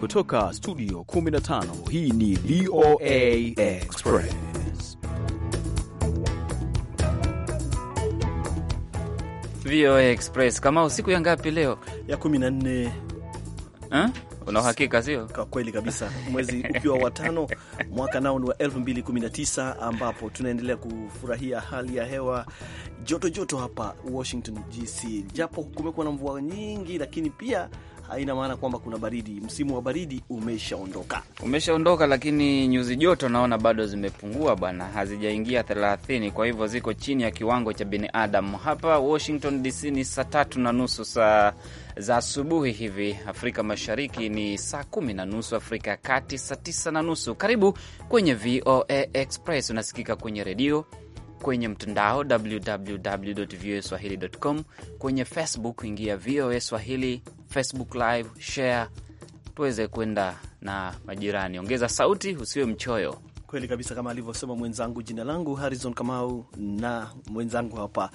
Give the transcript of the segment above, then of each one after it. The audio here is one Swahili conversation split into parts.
Kutoka studio 15 hii ni VOA Express. VOA Express kama usiku ya ngapi leo? Ya 14. Una uhakika sio? Kwa kweli kabisa, mwezi ukiwa wa tano, mwaka nao ni wa 2019 ambapo tunaendelea kufurahia hali ya hewa joto joto hapa Washington DC, japo kumekuwa na mvua nyingi, lakini pia haina maana kwamba kuna baridi. Msimu wa baridi umeshaondoka, umeshaondoka, lakini nyuzi joto naona bado zimepungua bwana, hazijaingia thelathini, kwa hivyo ziko chini ya kiwango cha binadamu. Hapa Washington DC ni saa tatu na nusu saa za asubuhi hivi. Afrika Mashariki ni saa kumi na nusu, Afrika ya Kati saa tisa na nusu. Karibu kwenye VOA Express, unasikika kwenye redio kwenye mtandao www voa swahili.com, kwenye Facebook ingia VOA Swahili Facebook Live, share tuweze kwenda na majirani. Ongeza sauti, usiwe mchoyo kweli kabisa, kama alivyosema mwenzangu. Jina langu Harrison Kamau na mwenzangu hapa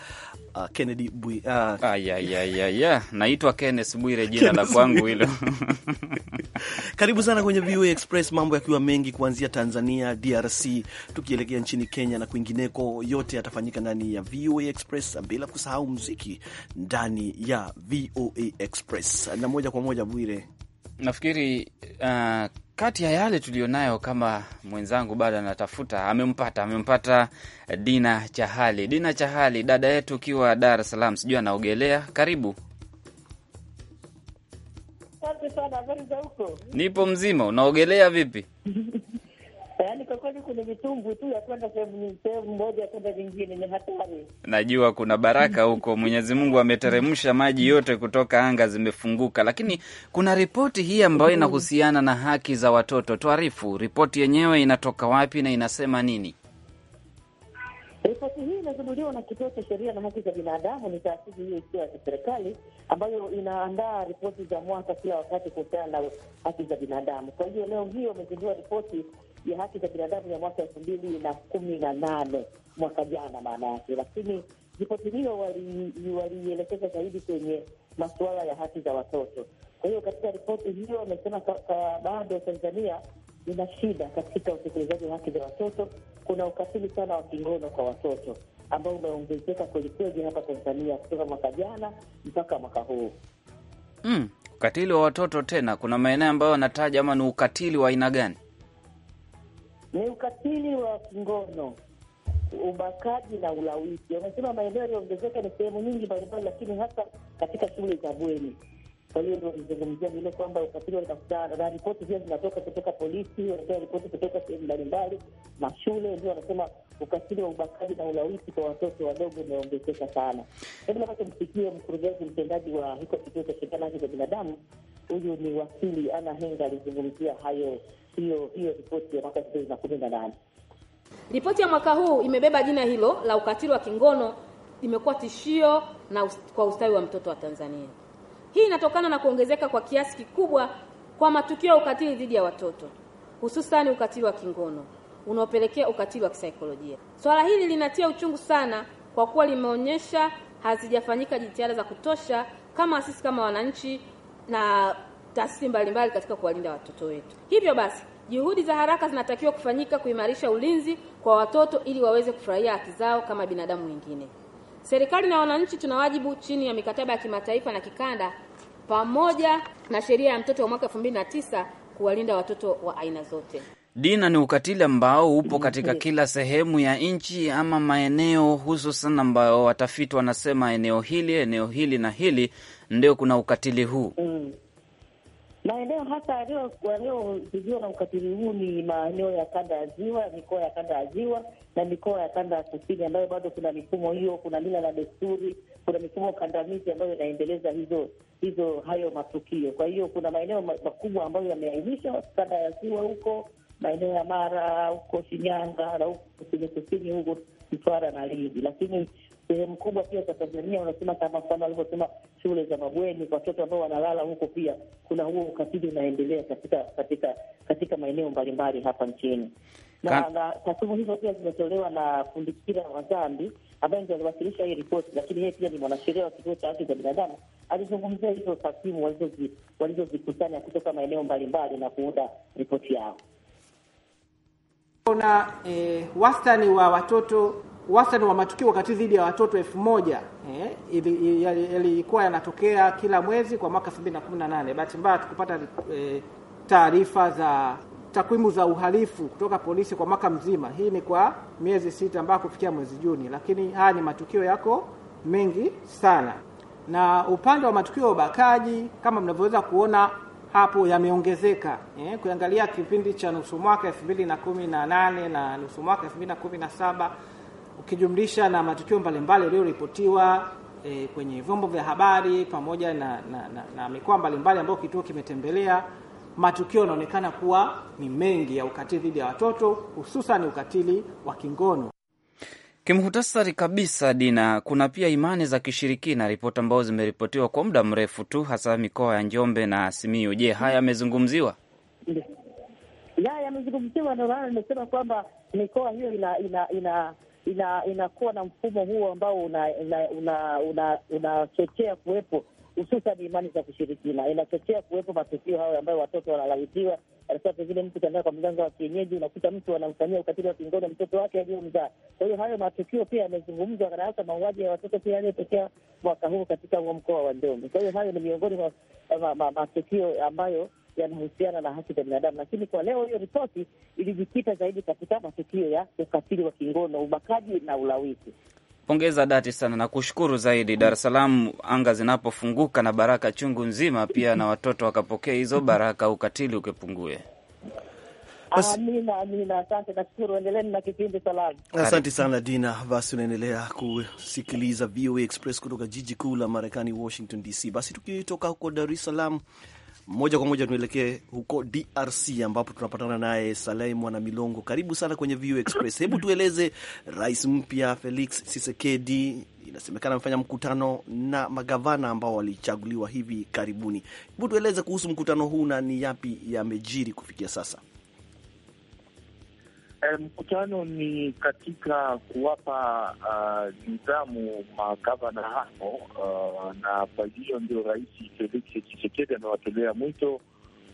uh, Kennedy Bwi uh, ah, Naitwa Kenneth Bwire jina la kwangu hilo Karibu sana kwenye VOA Express, mambo yakiwa mengi kuanzia Tanzania, DRC, tukielekea nchini Kenya na kwingineko. Yote yatafanyika ndani ya VOA Express, bila kusahau mziki ndani ya VOA Express na moja kwa moja Bwire nafikiri uh, kati ya yale tuliyonayo, kama mwenzangu bado anatafuta, amempata amempata eh, Dina Chahali. Dina Chahali, dada yetu, ukiwa Dar es Salaam, sijui anaogelea. Karibu. Asante sana, habari za huko? Nipo mzima. Unaogelea vipi? Yaani kwa kweli kuna tu ya kwenda sehemu moja kwenda nyingine, ni hatari. Najua kuna baraka huko, Mwenyezi Mungu ameteremsha maji yote kutoka anga, zimefunguka. Lakini kuna ripoti hii ambayo inahusiana na haki za watoto. Tuarifu, ripoti yenyewe inatoka wapi na inasema nini? Ripoti hii inazinduliwa na Kituo cha Sheria na Haki za Binadamu, ni taasisi hiyo isiyo ya kiserikali ambayo inaandaa ripoti za mwaka kila wakati kuhusiana na haki za binadamu. Kwa hiyo leo hii wamezindua ripoti ya haki za binadamu ya mwaka elfu mbili na kumi na nane mwaka jana, maana yake. Lakini ripoti hiyo wali zaidi kwenye masuala ya haki za watoto. Kwa hiyo katika ripoti hiyo wamesema bado Tanzania ina shida katika utekelezaji wa haki za watoto. Kuna ukatili sana wa kingono kwa watoto ambao umeongezeka kwelikweli hapa Tanzania kutoka mwaka jana mpaka mwaka huu. Mm, ukatili wa watoto tena, kuna maeneo ambayo wanataja ama ni ukatili wa aina gani? ni ukatili wa kingono, ubakaji na ulawiti. Wamesema maeneo yaliyoongezeka ni sehemu nyingi mbalimbali, lakini hasa katika shule za bweni. Kwa hiyo ndio walizungumzia vile kwamba ukatili wanakutana na ripoti pia zinatoka kutoka polisi, wanatoa ripoti kutoka sehemu mbalimbali, na shule ndio wanasema ukatili wa ubakaji na ulawiti kwa watoto wadogo umeongezeka sana. Hebu napata msikie mkurugenzi mtendaji wa hiko kituo cha sheria na haki za binadamu, huyu ni wakili Ana Henga, alizungumzia hayo hiyo hiyo ripoti ya mwaka elfu mbili na kumi na nane. Ripoti ya mwaka huu imebeba jina hilo la ukatili wa kingono imekuwa tishio na ust kwa ustawi wa mtoto wa Tanzania. Hii inatokana na kuongezeka kwa kiasi kikubwa kwa matukio ya ukatili dhidi ya watoto, hususani ukatili wa kingono unaopelekea ukatili wa kisaikolojia. Swala hili linatia uchungu sana kwa kuwa limeonyesha hazijafanyika jitihada za kutosha kama sisi kama wananchi na taasisi mbalimbali katika kuwalinda watoto wetu. Hivyo basi, juhudi za haraka zinatakiwa kufanyika kuimarisha ulinzi kwa watoto ili waweze kufurahia haki zao kama binadamu wengine. Serikali na wananchi tuna wajibu chini ya mikataba ya kimataifa na kikanda pamoja na sheria ya mtoto wa mwaka tisa kuwalinda watoto wa aina zote. Dina, ni ukatili ambao upo katika kila sehemu ya nchi ama maeneo hususan ambayo watafiti wanasema eneo hili, eneo hili na hili ndio kuna ukatili huu. Mm. Maeneo hasa yaliyozidiwa na ukatili huu ni maeneo ya kanda ya Ziwa, mikoa ya kanda ya Ziwa na mikoa ya kanda ya Kusini, ambayo bado kuna mifumo hiyo, kuna mila na desturi, kuna mifumo kandamizi ambayo inaendeleza hizo hizo hayo matukio. Kwa hiyo kuna maeneo makubwa ambayo yameainishwa, kanda ya Ziwa huko maeneo ya Mara huko Shinyanga na huko kusini kusini huko Mtwara na Lindi, lakini sehemu kubwa pia za Tanzania wanasema kama kama alivyosema shule za mabweni, watoto ambao wanalala huko, pia kuna huo ukatili unaendelea katika katika katika maeneo mbalimbali hapa nchini. Na, na takwimu hizo pia zimetolewa na Fundikira wa Zambi ambaye ndio aliwasilisha hii ripoti, lakini yeye pia ni mwanasheria wa kituo cha haki za binadamu. Alizungumzia hizo takwimu walizozikusanya kutoka maeneo mbalimbali na kuunda ripoti yao. Kuna eh, wastani wa watoto wastani wa matukio wakati dhidi ya watoto elfu moja eh, yalikuwa yanatokea kila mwezi kwa mwaka 2018. Bahati mbaya tukupata eh, taarifa za takwimu za uhalifu kutoka polisi kwa mwaka mzima. Hii ni kwa miezi sita mpaka kufikia mwezi Juni, lakini haya ni matukio yako mengi sana. Na upande wa matukio ya ubakaji kama mnavyoweza kuona hapo yameongezeka eh, kuangalia kipindi cha nusu mwaka mbili na nusu mwaka saba ukijumlisha na matukio mbalimbali yaliyoripotiwa e, kwenye vyombo vya habari pamoja na, na, na, na mikoa mbalimbali ambayo kituo kimetembelea, matukio yanaonekana kuwa ni mengi ya ukatili dhidi ya watoto hususan ukatili wa kingono. Kimhutasari kabisa, Dina, kuna pia imani za kishirikina, ripoti ambazo zimeripotiwa kwa muda mrefu tu, hasa mikoa ya Njombe na Simiyu. Je, haya yamezungumziwa? Ya yamezungumziwa, ndio maana nimesema kwamba mikoa hiyo ina, ina, ina ina, inakuwa na mfumo huo ambao unachochea una, una, una, una kuwepo hususan imani za kushirikina inachochea kuwepo matukio hayo ambayo watoto wanalawitiwa. Anasema pengine mtu kaenda kwa mganga wa kienyeji, unakuta mtu anamfanyia ukatili wa kingono mtoto wake aliyomzaa. Kwa hiyo hayo matukio pia yamezungumzwa, na hasa mauaji ya watoto pia yaliyotokea mwaka huu katika huo mkoa wa Njombe. Kwa hiyo hayo ni miongoni mwa matukio ambayo yanahusiana na haki za binadamu, lakini kwa leo hiyo ripoti ilijikita zaidi katika matukio ya ukatili wa kingono, ubakaji na ulawiti. Pongeza dati sana na kushukuru zaidi. Dar es Salaam anga zinapofunguka na baraka chungu nzima, pia na watoto wakapokea hizo baraka, ukatili ukepungue. Amina, amina. Asante, nashukuru. endeleni na kipindi salamu. Asante sana Dina. Basi unaendelea kusikiliza VOA Express kutoka jiji kuu la Marekani, Washington DC. Basi tukitoka huko Dar es Salaam moja kwa moja tuelekee huko DRC ambapo tunapatana naye Saleh Mwana Milongo. Karibu sana kwenye VU Express. Hebu tueleze, rais mpya Felix Tshisekedi inasemekana amefanya mkutano na magavana ambao walichaguliwa hivi karibuni. Hebu tueleze kuhusu mkutano huu na ni yapi yamejiri kufikia sasa? Eh, mkutano ni katika kuwapa uh, nidhamu magavana hapo uh, na kwa hiyo ndio Rais Felix Tshisekedi amewatolea mwito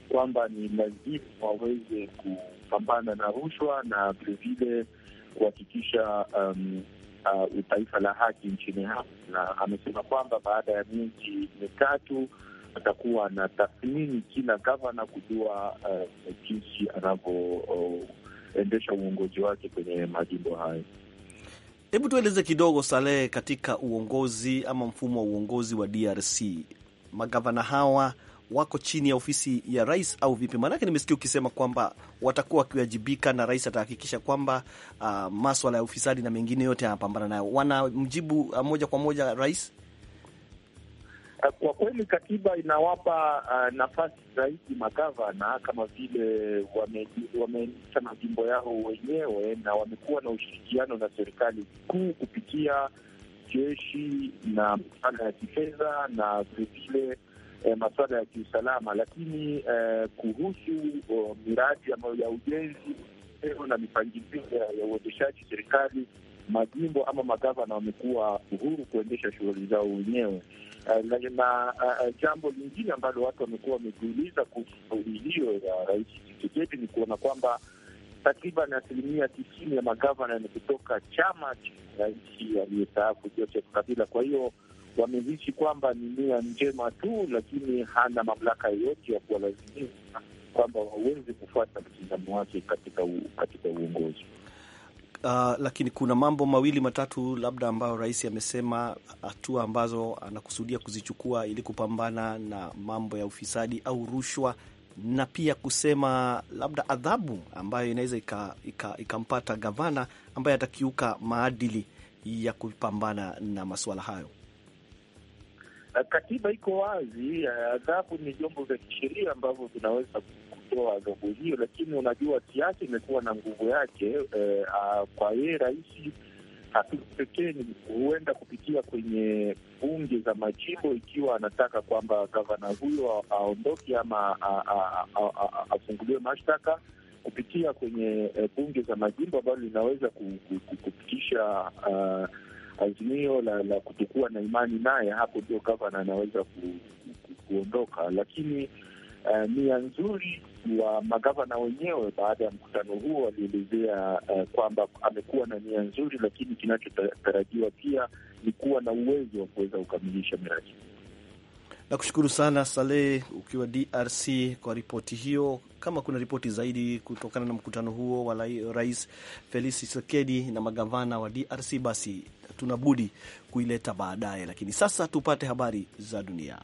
kwamba ni lazima waweze kupambana na rushwa na vilevile kuhakikisha um, uh, taifa la haki nchini hapo, na amesema kwamba baada ya miezi mitatu atakuwa na tathmini kila gavana kujua uh, jinsi anavyo uh, kuendesha uongozi wake kwenye majimbo hayo. Hebu tueleze kidogo Salehe, katika uongozi ama mfumo wa uongozi wa DRC magavana hawa wako chini ya ofisi ya rais au vipi? Maanake nimesikia ukisema kwamba watakuwa wakiwajibika na rais atahakikisha kwamba uh, maswala ya ufisadi na mengine yote yanapambana nayo. Wanamjibu uh, moja kwa moja rais Eh, kwa kweli katiba inawapa uh, nafasi zaidi magavana, kama vile wameendesha majimbo yao wenyewe na wamekuwa na ushirikiano na serikali kuu kupitia jeshi na masuala ya kifedha na vilevile eh, masuala ya kiusalama. Lakini eh, kuhusu oh, miradi ya, ya ujenzi na mipangilio ya uendeshaji serikali majimbo ama magavana wamekuwa uhuru kuendesha shughuli zao wenyewe. Uh, na uh, jambo lingine ambalo watu wamekuwa wamejiuliza kuhusu kauli hiyo ya Rais Tshisekedi ni kuona kwamba takriban asilimia tisini ya magavana ni kutoka chama cha rais aliyestaafu Joseph Kabila. Kwa hiyo wamehisi kwamba ni nia njema tu, lakini hana mamlaka yoyote ya kuwalazimisha kwamba waweze kufuata mtizamo wake katika katika uongozi. Uh, lakini kuna mambo mawili matatu labda ambayo rais amesema hatua ambazo anakusudia kuzichukua ili kupambana na mambo ya ufisadi au rushwa, na pia kusema labda adhabu ambayo inaweza ikampata gavana ambaye atakiuka maadili ya kupambana na masuala hayo. Katiba iko wazi, adhabu ni vyombo vya kisheria ambavyo vinaweza kutoa adhabu hiyo, lakini unajua siasa imekuwa na nguvu yake. Eh, a, ah, kwa yeye rais hatua pekee ni huenda kupitia kwenye bunge za majimbo, ikiwa anataka kwamba gavana huyo aondoke ama afunguliwe mashtaka kupitia kwenye eh, bunge za majimbo ambalo linaweza kupitisha uh, azimio la, la kutokuwa na imani naye. Hapo ndio gavana anaweza ku, ku, kuondoka, lakini uh, eh, nia nzuri wa magavana wenyewe baada ya mkutano huo walielezea uh, kwamba amekuwa na nia nzuri, lakini kinachotarajiwa pia ni kuwa na uwezo wa kuweza kukamilisha miradi. Nakushukuru sana Saleh ukiwa DRC kwa ripoti hiyo. Kama kuna ripoti zaidi kutokana na mkutano huo wa Rais Felix Tshisekedi na magavana wa DRC, basi tunabudi kuileta baadaye, lakini sasa tupate habari za dunia.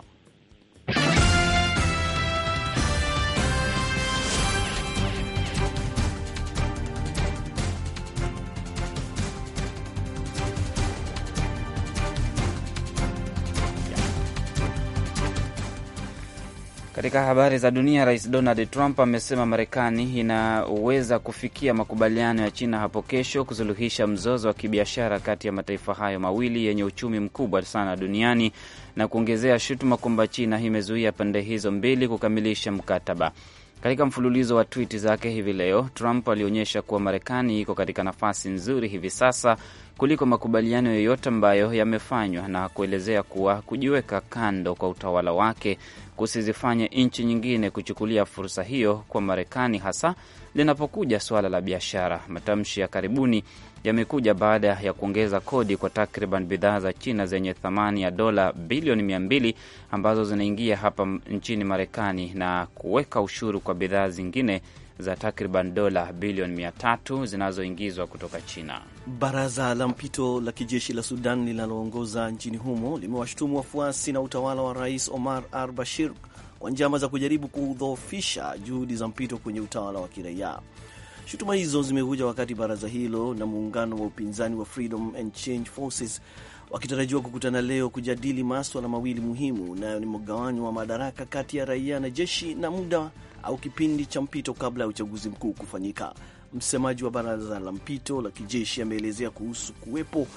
Katika habari za dunia, Rais Donald Trump amesema Marekani inaweza kufikia makubaliano ya China hapo kesho kusuluhisha mzozo wa kibiashara kati ya mataifa hayo mawili yenye uchumi mkubwa sana duniani na kuongezea shutuma kwamba China imezuia pande hizo mbili kukamilisha mkataba. Katika mfululizo wa twiti zake hivi leo, Trump alionyesha kuwa Marekani iko katika nafasi nzuri hivi sasa kuliko makubaliano yoyote ambayo yamefanywa na kuelezea kuwa kujiweka kando kwa utawala wake kusizifanye nchi nyingine kuchukulia fursa hiyo kwa Marekani, hasa linapokuja suala la biashara. Matamshi ya karibuni yamekuja baada ya kuongeza kodi kwa takriban bidhaa za China zenye thamani ya dola bilioni mia mbili ambazo zinaingia hapa nchini Marekani na kuweka ushuru kwa bidhaa zingine za takriban dola bilioni 300 zinazoingizwa kutoka China. Baraza la mpito la kijeshi la Sudan linaloongoza nchini humo limewashutumu wafuasi na utawala wa Rais Omar al Bashir kwa njama za kujaribu kudhoofisha juhudi za mpito kwenye utawala wa kiraia. Shutuma hizo zimekuja wakati baraza hilo na muungano wa upinzani wa Freedom and Change Forces wakitarajiwa kukutana leo kujadili maswala mawili muhimu, nayo ni mgawanyo wa madaraka kati ya raia na jeshi na muda au kipindi cha mpito kabla ya uchaguzi mkuu kufanyika. Msemaji wa baraza la mpito la kijeshi ameelezea kuhusu kuwepo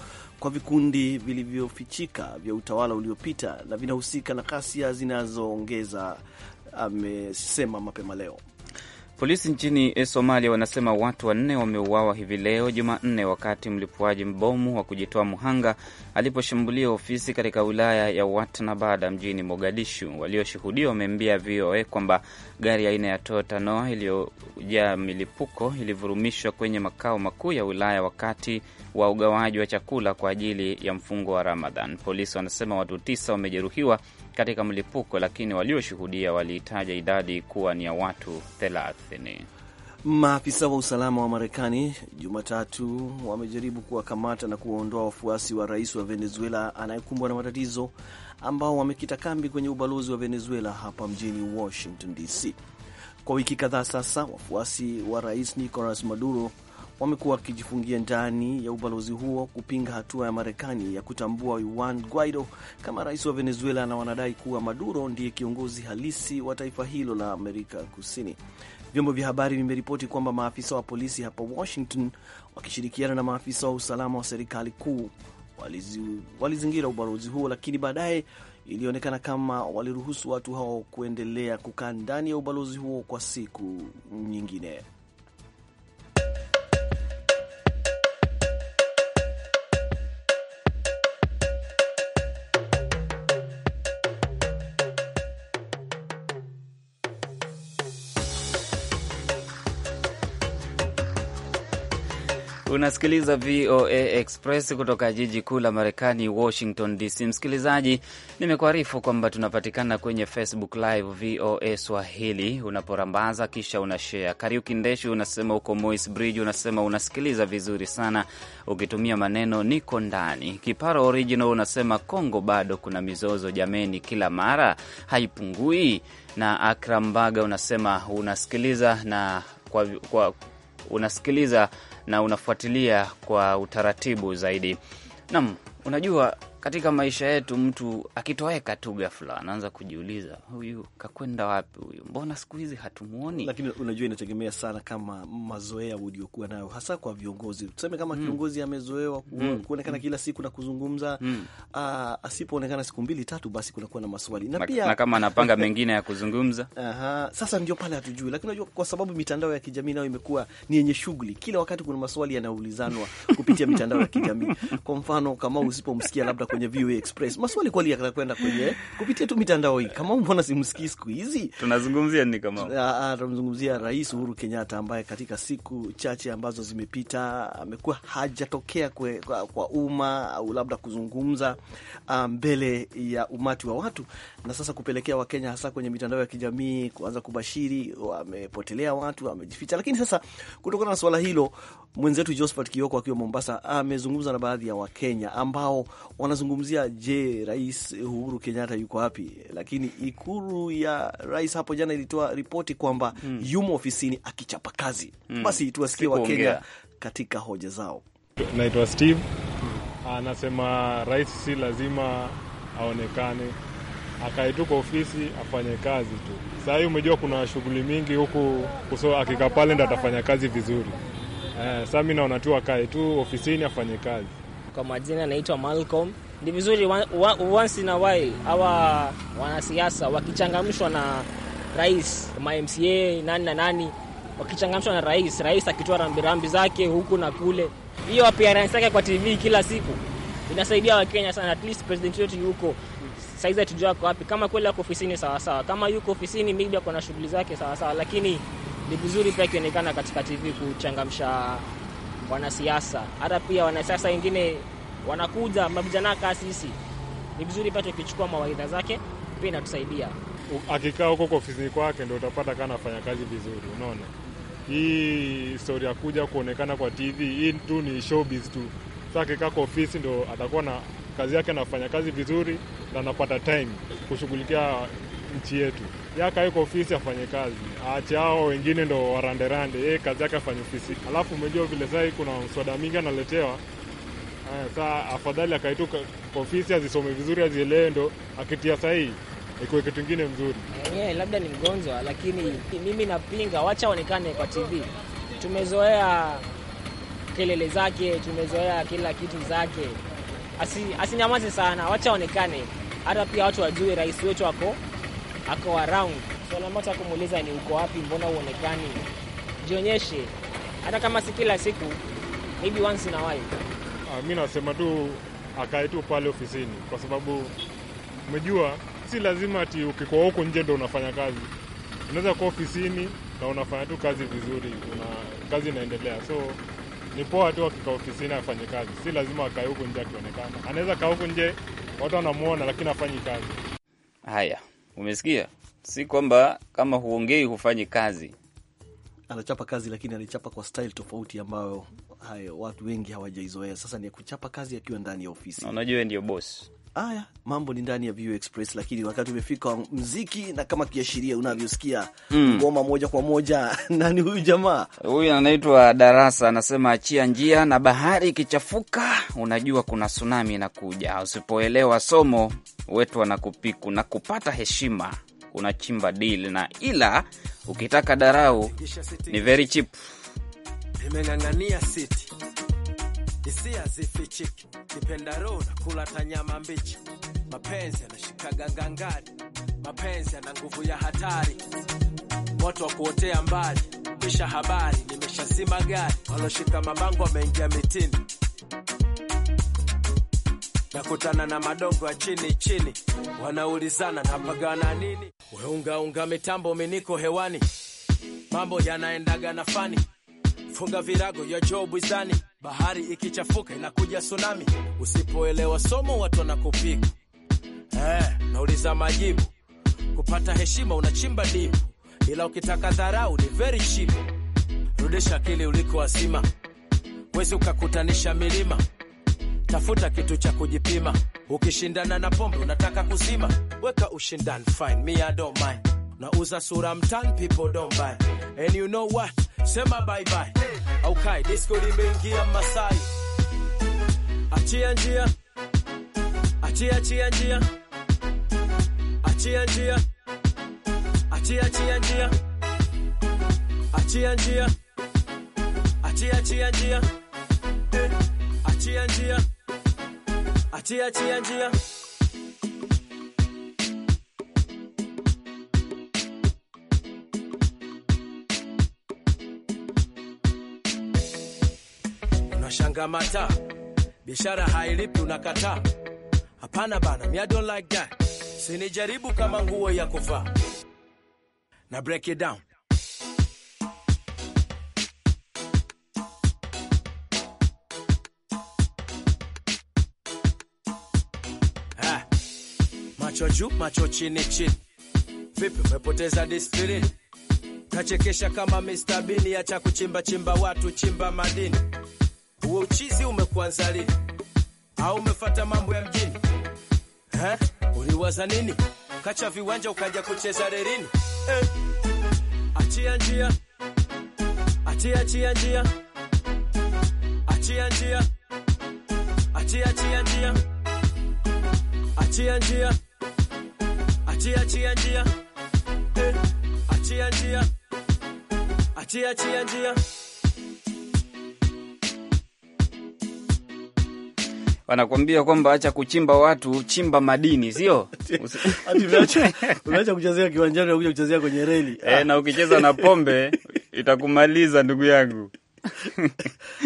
kwa vikundi vilivyofichika vya utawala uliopita na vinahusika na ghasia zinazoongeza, amesema mapema leo. Polisi nchini eh, Somalia wanasema watu wanne wameuawa hivi leo Jumanne wakati mlipuaji mbomu wa kujitoa mhanga aliposhambulia ofisi katika wilaya ya Watnabada mjini Mogadishu. Walioshuhudia wameambia VOA kwamba gari aina ya Toyota Noah iliyojaa milipuko ilivurumishwa kwenye makao makuu ya wilaya wakati wa ugawaji wa chakula kwa ajili ya mfungo wa Ramadhan. Polisi wanasema watu tisa wamejeruhiwa katika mlipuko, lakini walioshuhudia waliitaja idadi kuwa ni ya watu 30. Maafisa wa usalama wa Marekani Jumatatu wamejaribu kuwakamata na kuwaondoa wafuasi wa rais wa Venezuela anayekumbwa na matatizo ambao wamekita kambi kwenye ubalozi wa Venezuela hapa mjini Washington DC. Kwa wiki kadhaa sasa, wafuasi wa rais Nicolas Maduro wamekuwa wakijifungia ndani ya ubalozi huo kupinga hatua ya Marekani ya kutambua Juan Guaido kama rais wa Venezuela, na wanadai kuwa Maduro ndiye kiongozi halisi wa taifa hilo la Amerika Kusini. Vyombo vya habari vimeripoti kwamba maafisa wa polisi hapa Washington wakishirikiana na maafisa wa usalama wa serikali kuu walizingira ubalozi huo, lakini baadaye ilionekana kama waliruhusu watu hao kuendelea kukaa ndani ya ubalozi huo kwa siku nyingine. Unasikiliza VOA Express kutoka jiji kuu la Marekani, Washington DC. Msikilizaji, nimekuarifu kwamba tunapatikana kwenye Facebook Live VOA Swahili, unaporambaza kisha unashea. Kariuki Ndeshu unasema uko Moi's Bridge, unasema unasikiliza vizuri sana ukitumia maneno niko ndani. Kiparo Original unasema Kongo bado kuna mizozo jameni, kila mara haipungui. Na Akram Baga unasema unasikiliza na kwa, kwa, unasikiliza na unafuatilia kwa utaratibu zaidi. Naam, unajua katika maisha yetu, mtu akitoweka tu ghafla anaanza kujiuliza huyu kakwenda wapi? Huyu mbona siku hizi hatumwoni? Lakini unajua inategemea sana kama mazoea uliokuwa nayo, hasa kwa viongozi. Tuseme kama mm. kiongozi amezoewa mm. kuonekana mm. kila siku na kuzungumza mm. uh, asipoonekana siku mbili tatu, basi kunakuwa na maswali na, na pia na kama anapanga mengine ya kuzungumza. Aha, sasa ndio pale hatujui, lakini unajua kwa sababu mitandao ya kijamii nayo imekuwa ni yenye shughuli, kila wakati kuna maswali yanaulizanwa kupitia mitandao ya kijamii. Kwa mfano kama usipomsikia labda kwenye VOA Express. Maswali kweli yatakwenda kwenye kupitia tu mitandao hii. Kama mbona simsikii siku hizi? Tunazungumzia nini kama? Ah, ah, tunazungumzia Rais Uhuru Kenyatta ambaye katika siku chache ambazo zimepita amekuwa hajatokea kwe, kwa, kwa umma au labda kuzungumza ah, mbele ya umati wa watu, na sasa kupelekea Wakenya hasa kwenye mitandao ya kijamii kuanza kubashiri wamepotelea watu, wamejificha. Lakini sasa kutokana na swala hilo mwenzetu Josphat Kioko akiwa Mombasa amezungumza na baadhi ya Wakenya ambao wanazungumzia, je, Rais Uhuru Kenyatta yuko wapi? Lakini ikulu ya rais hapo jana ilitoa ripoti kwamba mm. yumo ofisini akichapa kazi mm. Basi tuwasikie Wakenya katika hoja zao. Naitwa Steve, anasema rais si lazima aonekane, akae tu kwa ofisi afanye kazi tu. Sahii umejua kuna shughuli mingi huku, akika akikaa pale ndo atafanya kazi vizuri. Eh, sasa mimi naona tu akae tu ofisini afanye kazi. Kwa majina anaitwa Malcolm. Ni vizuri once in a while hawa wanasiasa wakichangamshwa na rais, MCA nani na nani, wakichangamshwa na rais, rais akitoa rambirambi zake huku na kule, hiyo appearance yake kwa TV kila siku inasaidia Wakenya sana. At least president wetu yuko saizi, hatujua ako wapi. Kama kweli ako ofisini sawasawa, kama yuko ofisini maybe ako na shughuli zake sawasawa, lakini ni vizuri pia akionekana katika TV kuchangamsha wanasiasa, hata pia wanasiasa wengine wanakuja mabijana kaa sisi, ni vizuri pia tukichukua mawaidha zake pia inatusaidia. Akikaa huko kwa ofisini kwake ndo utapata kaa anafanya kazi vizuri. Unaona hii historia kuja kuonekana kwa TV hii tu ni showbiz tu. Sasa akikaa kwa ofisi ndo atakuwa na kazi yake, anafanya kazi vizuri na anapata time kushughulikia nchi yetu yaka yuko ofisi afanye kazi, aache hao wengine ndo waranderande. Yeye kazi yake afanye ofisi, alafu umejua vile sai kuna mswada mingi analetewa eh, saa, afadhali akaituka ofisi azisome vizuri, azielewe ndo akitia sahihi ikuwe kitu ingine mzuri. Yeah, labda ni mgonjwa, lakini mimi napinga, wacha aonekane kwa TV. Tumezoea kelele zake, tumezoea kila kitu zake. Asi, sana, wacha aonekane, hata pia watu wajue rais wetu ako ako around. So namata kumuuliza ni uko wapi, mbona uonekani? Jionyeshe, hata kama si kila siku, maybe once in a while. Ah, mi nasema tu akae tu pale ofisini, kwa sababu umejua si lazima ati ukikuwa huko nje ndo unafanya kazi. Unaweza kuwa ofisini na unafanya tu kazi vizuri, una kazi inaendelea, so ni poa tu akikaa ofisini afanye kazi, si lazima akae huko nje akionekana. Anaweza kaa huko nje watu wanamwona, lakini afanyi kazi. Haya, Umesikia, si kwamba kama huongei hufanyi kazi. Anachapa kazi, lakini alichapa kwa style tofauti ambayo hayo watu wengi hawajaizoea. Sasa ni kuchapa kazi akiwa ndani ya ofisi. Unajua ndio boss Haya mambo ni ndani ya VU Express, lakini wakati umefika mziki, na kama kiashiria unavyosikia hmm. ngoma mm, moja kwa moja. Nani huyu jamaa? Huyu anaitwa Darasa, anasema achia njia na bahari ikichafuka, unajua kuna tsunami inakuja. Usipoelewa somo wetu wanakupiku na kupata heshima, unachimba dili na, ila ukitaka darau ni very cheap hisia zifichiki, nipendaro na kula tanyama mbichi, mapenzi yanashikaga gangari, mapenzi yana nguvu ya hatari, moto wa kuotea mbali, kisha habari nimeshazima gari, waloshika mabango ameingia mitini, nakutana na madongo ya chini chini, wanaulizana napagana nini, weungaunga mitambo miniko hewani, mambo yanaendaga na fani funga virago ya job izani, bahari ikichafuka inakuja tsunami. Usipoelewa somo watu wanakupiga eh, nauliza majibu. Kupata heshima unachimba dimu, ila ukitaka dharau ni very cheap. Rudisha akili uliko asima, wezi ukakutanisha milima. Tafuta kitu cha kujipima, ukishindana na pombe unataka kuzima. Weka ushindani fine, me I don't mind. Nauza sura mtan, people don't buy. And you know what? Sema bye bye aukai disco limeingia Masai, achia njia, achia achia njia, achia njia, achia achia njia, achia njia, achia achia njia, achia njia, achia achia njia Shangamata, biashara hailipi unakataa. Hapana bana, mi I don't like that. Sinijaribu kama nguo ya kuvaa. Na break it down. Ha. Ah, macho juu, macho chini chini. Vipi umepoteza discipline? Kachekesha kama Mr. Bean, acha kuchimba chimba watu, chimba madini uwe uchizi umekuanza lini? Au umefata mambo ya mjini ha? Uliwaza nini? Kacha viwanja ukaja kucheza rerini eh. Achia njia, achia achia njia, achia njia, achia achia njia, achia njia, achia achia njia, eh. achia njia, achia achia njia wanakuambia kwamba acha kuchimba watu, chimba madini, sio unaacha kuchezea kiwanjani, unakuja kuchezea kwenye reli e, na ukicheza na pombe itakumaliza ndugu yangu.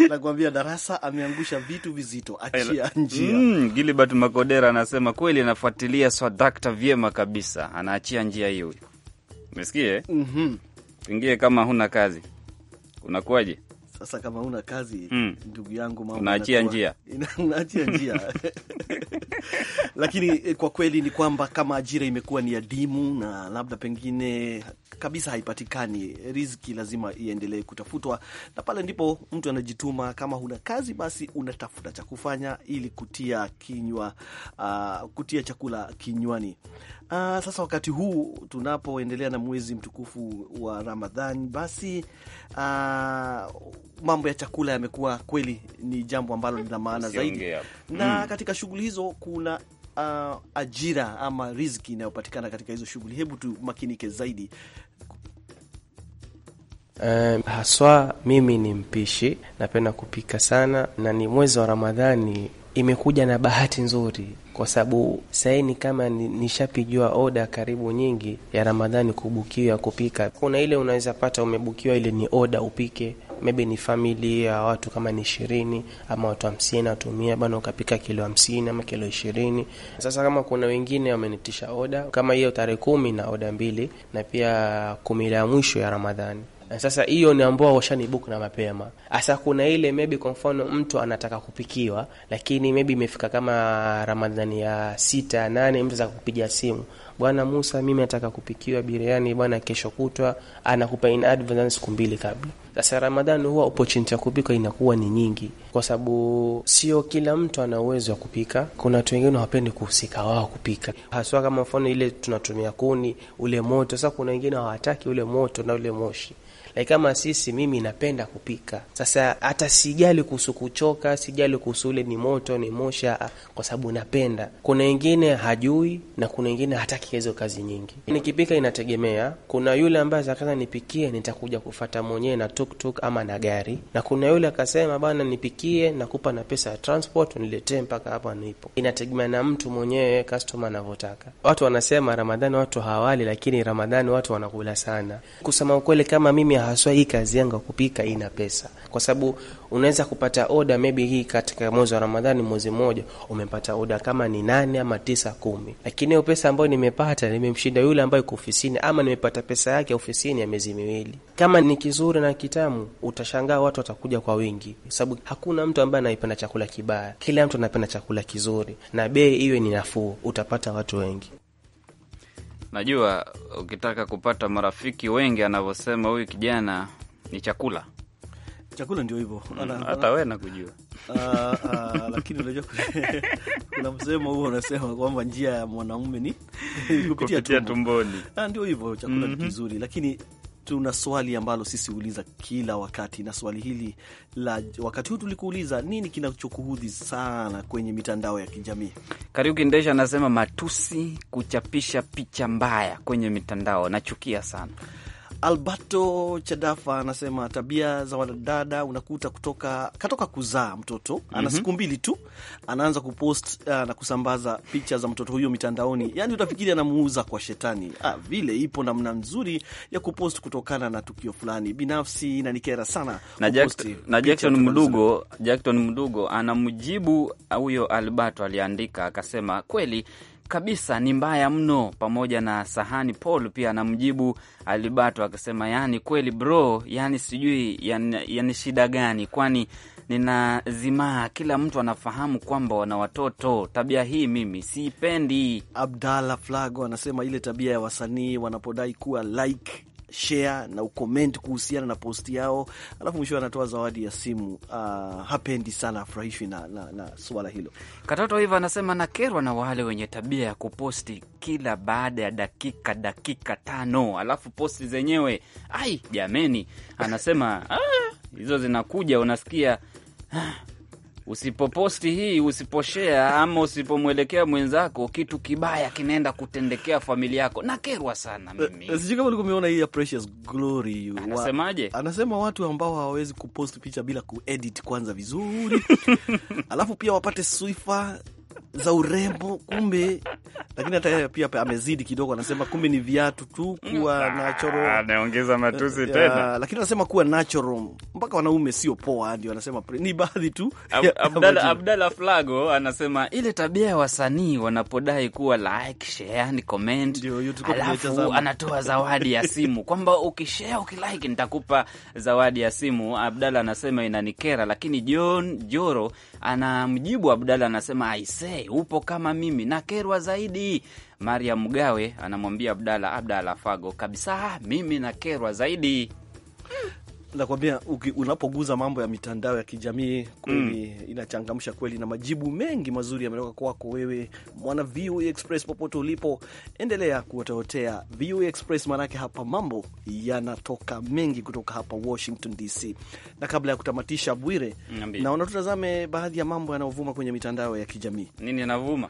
Nakwambia darasa ameangusha vitu vizito, achia njia. Mm, Gilbert Makodera anasema kweli anafuatilia swadakta vyema kabisa, anaachia njia hiyo. Umesikie? Eh? mm -hmm. Pingie kama huna kazi unakuwaje? Sasa kama una kazi mm, ndugu yangu, mambo unaachia njia, unaachia njia lakini eh, kwa kweli ni kwamba kama ajira imekuwa ni adimu na labda pengine kabisa haipatikani, riziki lazima iendelee kutafutwa, na pale ndipo mtu anajituma. Kama huna kazi, basi unatafuta cha kufanya ili kutia kinywa, uh, kutia chakula kinywani. Uh, sasa wakati huu tunapoendelea na mwezi mtukufu wa Ramadhani, basi uh, mambo ya chakula yamekuwa kweli ni jambo ambalo lina maana zaidi na mm. katika shughuli hizo kuna uh, ajira ama riziki inayopatikana katika hizo shughuli. Hebu tumakinike zaidi. Um, haswa mimi ni mpishi, napenda kupika sana, na ni mwezi wa Ramadhani imekuja na bahati nzuri kwa sababu saini kama nishapigiwa oda karibu nyingi ya Ramadhani kubukiwa kupika. Kuna ile unaweza pata umebukiwa, ile ni oda upike, maybe ni famili ya watu kama ni ishirini ama watu hamsini, atumia bana ukapika kilo hamsini ama kilo ishirini. Sasa kama kuna wengine wamenitisha oda kama hiyo tarehe kumi na oda mbili na pia kumi la mwisho ya Ramadhani na eh, sasa hiyo ni ambao washanibook na mapema. Sasa kuna ile maybe, kwa mfano mtu anataka kupikiwa, lakini maybe imefika kama Ramadhani ya sita nane, mtu anataka kupiga simu, bwana Musa, mimi nataka kupikiwa biriani bwana, kesho kutwa, anakupa in advance siku mbili kabla. Sasa Ramadhani huwa opportunity ya kupika inakuwa ni nyingi, kwa sababu sio kila mtu ana uwezo wa kupika. Kuna watu wengine hawapendi kuhusika wao kupika, haswa kama mfano ile tunatumia kuni, ule moto. Sasa kuna wengine hawataki ule moto na ule moshi lakini kama sisi, mimi napenda kupika. Sasa hata sijali kuhusu kuchoka, sijali kuhusu ule ni moto ni mosha, kwa sababu napenda. Kuna wengine hajui na kuna wengine hataki hizo kazi nyingi. Nikipika inategemea, kuna yule ambaye sasa nipikie, nitakuja kufata mwenyewe na tuktuk ama na gari, na kuna yule akasema bana, nipikie nakupa na pesa ya transport niletee mpaka hapa nipo. Inategemea na mtu mwenyewe, customer anavyotaka. Watu wanasema Ramadhani watu hawali, lakini Ramadhani watu wanakula sana. Kusema ukweli, kama mimi haswa hii kazi yangu ya kupika ina pesa, kwa sababu unaweza kupata oda maybe hii katika mwezi wa Ramadhani, mwezi mmoja umepata oda kama ni nane ama tisa kumi, lakini hiyo pesa ambayo nimepata nimemshinda yule ambaye yuko ofisini, ama nimepata pesa yake ofisini ya miezi miwili. Kama ni kizuri na kitamu, utashangaa watu watakuja kwa wingi, kwa sababu hakuna mtu ambaye anaipenda chakula kibaya, kila mtu anapenda chakula kizuri, na bei iwe ni nafuu, utapata watu wengi. Najua ukitaka kupata marafiki wengi, anavyosema huyu kijana ni chakula chakula ndio hivyo, mm, hata wewe nakujua. Ah, ah, lakini unajua kuna msemo huo unasema kwamba njia ya mwanaume ni kupitia tumboni. Ah, ndio hivyo, chakula ni mhm. kizuri, lakini tuna swali ambalo sisi huuliza kila wakati, na swali hili la wakati huu tulikuuliza nini kinachokuhudhi sana kwenye mitandao ya kijamii. Kariuki Ndesha anasema matusi, kuchapisha picha mbaya kwenye mitandao, nachukia sana. Alberto Chadafa anasema tabia za wanadada unakuta kutoka katoka kuzaa mtoto ana mhm. siku mbili tu anaanza kupost uh, na kusambaza picha za mtoto huyo mitandaoni, yani utafikiri anamuuza kwa shetani. Ah, vile ipo namna nzuri ya kupost kutokana na tukio fulani binafsi, inanikera sana na, na Jackson Mdugo, Jackson Mdugo anamjibu huyo Alberto aliandika akasema, kweli kabisa ni mbaya mno. Pamoja na sahani, Paul pia anamjibu Alibato akasema, yani kweli bro, yani sijui yani, yani shida gani? Kwani ninazimaa. Kila mtu anafahamu kwamba wana watoto. Tabia hii mimi siipendi. Abdalla Flago anasema ile tabia ya wasanii wanapodai kuwa like share na ucomment kuhusiana na posti yao, alafu mwisho anatoa zawadi ya simu. Uh, hapendi sana afurahishwi na, na, na suala hilo. Katoto hivyo anasema nakerwa na wale wenye tabia ya kuposti kila baada ya dakika dakika tano, alafu posti zenyewe ai jameni, anasema ah, hizo zinakuja unasikia ah, Usipoposti hii, usiposhea ama usipomwelekea mwenzako, kitu kibaya kinaenda kutendekea familia yako. Nakerwa sana eh, mimi, eh, sijui kama ulikuwa umeona hii ya Precious Glory. Anasemaje? Anasema watu ambao hawawezi kupost picha bila kuedit kwanza vizuri alafu pia wapate swifa za urembo kumbe, lakini hata pia amezidi kidogo, anasema kumbe ni viatu tu kuwa mm, natural, anaongeza ah, matusi eh, tena, lakini anasema kuwa natural mpaka wanaume sio poa, ndio anasema ni baadhi tu. Abdalla Abdalla Flago anasema ile tabia ya wasanii wanapodai kuwa like, share ni comment, alafu anatoa zawadi ya simu kwamba ukishare ukilike nitakupa zawadi ya simu. Abdalla anasema inanikera, lakini John Joro anamjibu Abdalla anasema aisi mzee, upo kama mimi na kerwa zaidi. maria Mgawe anamwambia Abdala, Abdala Fago kabisa, mimi na kerwa zaidi nakwambia unapoguza mambo ya mitandao ya kijamii kweli, mm. inachangamsha kweli, na majibu mengi mazuri yametoka kwako wewe, mwana VOA e Express. Popote ulipo, endelea kuoteotea VOA e Express, maanake hapa mambo yanatoka mengi kutoka hapa Washington DC. Na kabla ya kutamatisha, Bwire, naona tutazame baadhi ya mambo yanayovuma kwenye mitandao ya kijamii. Nini yanavuma?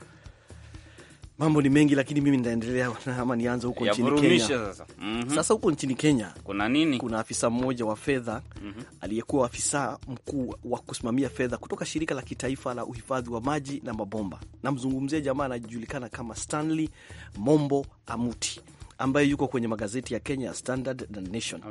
Mambo ni mengi lakini mimi nitaendelea ama nianze huko nchini Kenya sasa. Mm -hmm. Sasa huko nchini Kenya kuna nini? Kuna afisa mmoja wa fedha mm -hmm. aliyekuwa afisa mkuu wa kusimamia fedha kutoka shirika la kitaifa la uhifadhi wa maji na mabomba, namzungumzia jamaa anajulikana kama Stanley Mombo Amuti ambaye yuko kwenye magazeti ya Kenya Standard na Nation.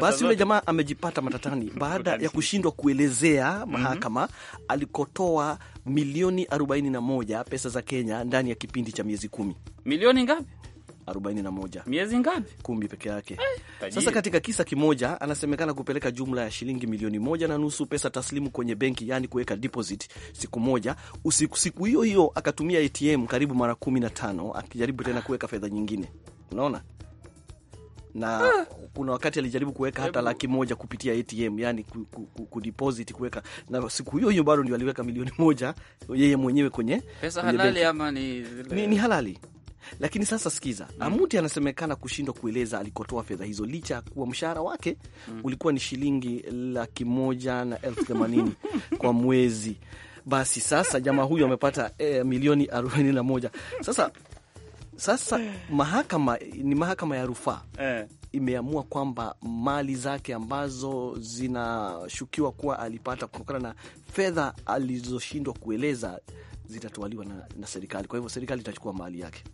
Basi yule jamaa amejipata matatani baada ya kushindwa kuelezea mhm. mahakama mm -hmm. alikotoa milioni 41 pesa za Kenya ndani ya kipindi cha miezi kumi. Milioni ngapi? 41. Miezi ngapi? Kumi peke yake. Eh, sasa katika kisa kimoja anasemekana kupeleka jumla ya shilingi milioni moja na nusu pesa taslimu kwenye benki, yani kuweka deposit siku moja usiku. Siku hiyo hiyo akatumia ATM karibu mara 15 akijaribu tena kuweka fedha nyingine unaona na ah. Kuna wakati alijaribu kuweka hata laki moja kupitia ATM, yani kudeposit kuweka, na siku hiyo hiyo bado ndio aliweka milioni moja yeye mwenyewe kwenye pesa halali ama ni, ni, ni halali lakini sasa sikiza, mm. Amuti anasemekana kushindwa kueleza alikotoa fedha hizo licha ya kuwa mshahara wake mm. ulikuwa ni shilingi laki moja na elfu themanini kwa mwezi. Basi sasa jamaa huyu amepata eh, milioni arobaini na moja. Sasa sasa mahakama ni mahakama ya rufaa eh, imeamua kwamba mali zake ambazo zinashukiwa kuwa alipata kutokana na fedha alizoshindwa kueleza zitatwaliwa na, na serikali. Kwa hivyo serikali itachukua mali yake.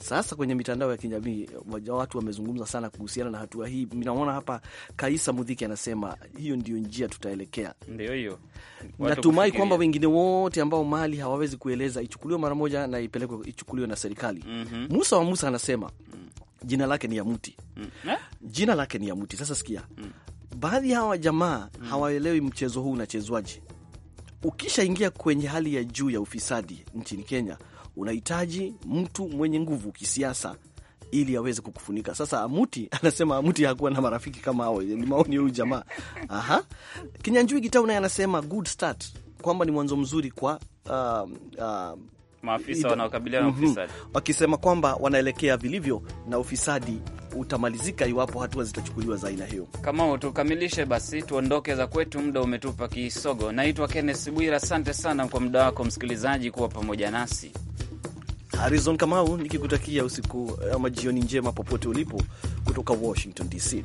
Sasa kwenye mitandao ya kijamii watu wamezungumza sana kuhusiana na hatua hii. Naona hapa Kaisa Mudhiki anasema hiyo ndio njia tutaelekea, ndio hiyo. Natumai kwamba wengine wote ambao mali hawawezi kueleza ichukuliwe mara moja na ipelekwe, ichukuliwe na serikali. mm -hmm. Musa wa Musa anasema jina lake ni ya mti mm. Eh? jina lake ni ya mti. Sasa sikia mm. baadhi ya hawa jamaa mm. hawaelewi mchezo huu unachezwaje. Ukishaingia kwenye hali ya juu ya ufisadi nchini Kenya unahitaji mtu mwenye nguvu kisiasa ili aweze kukufunika. Sasa Amuti anasema Amuti hakuwa na marafiki kama hao, ni maoni huyu jamaa. Aha, Kinyanjui Gitau naye anasema good start, kwamba ni mwanzo mzuri kwa uh, uh, maafisa wanaokabiliana na mhm. ufisadi wakisema kwamba wanaelekea vilivyo na ufisadi utamalizika iwapo hatua zitachukuliwa za aina hiyo. Kama tukamilishe basi, tuondoke za kwetu, muda umetupa kisogo. Naitwa Kenneth Bwira, asante sana kwa muda wako msikilizaji kuwa pamoja nasi. Harizon Kamau nikikutakia usiku eh, ama jioni njema popote ulipo kutoka Washington DC.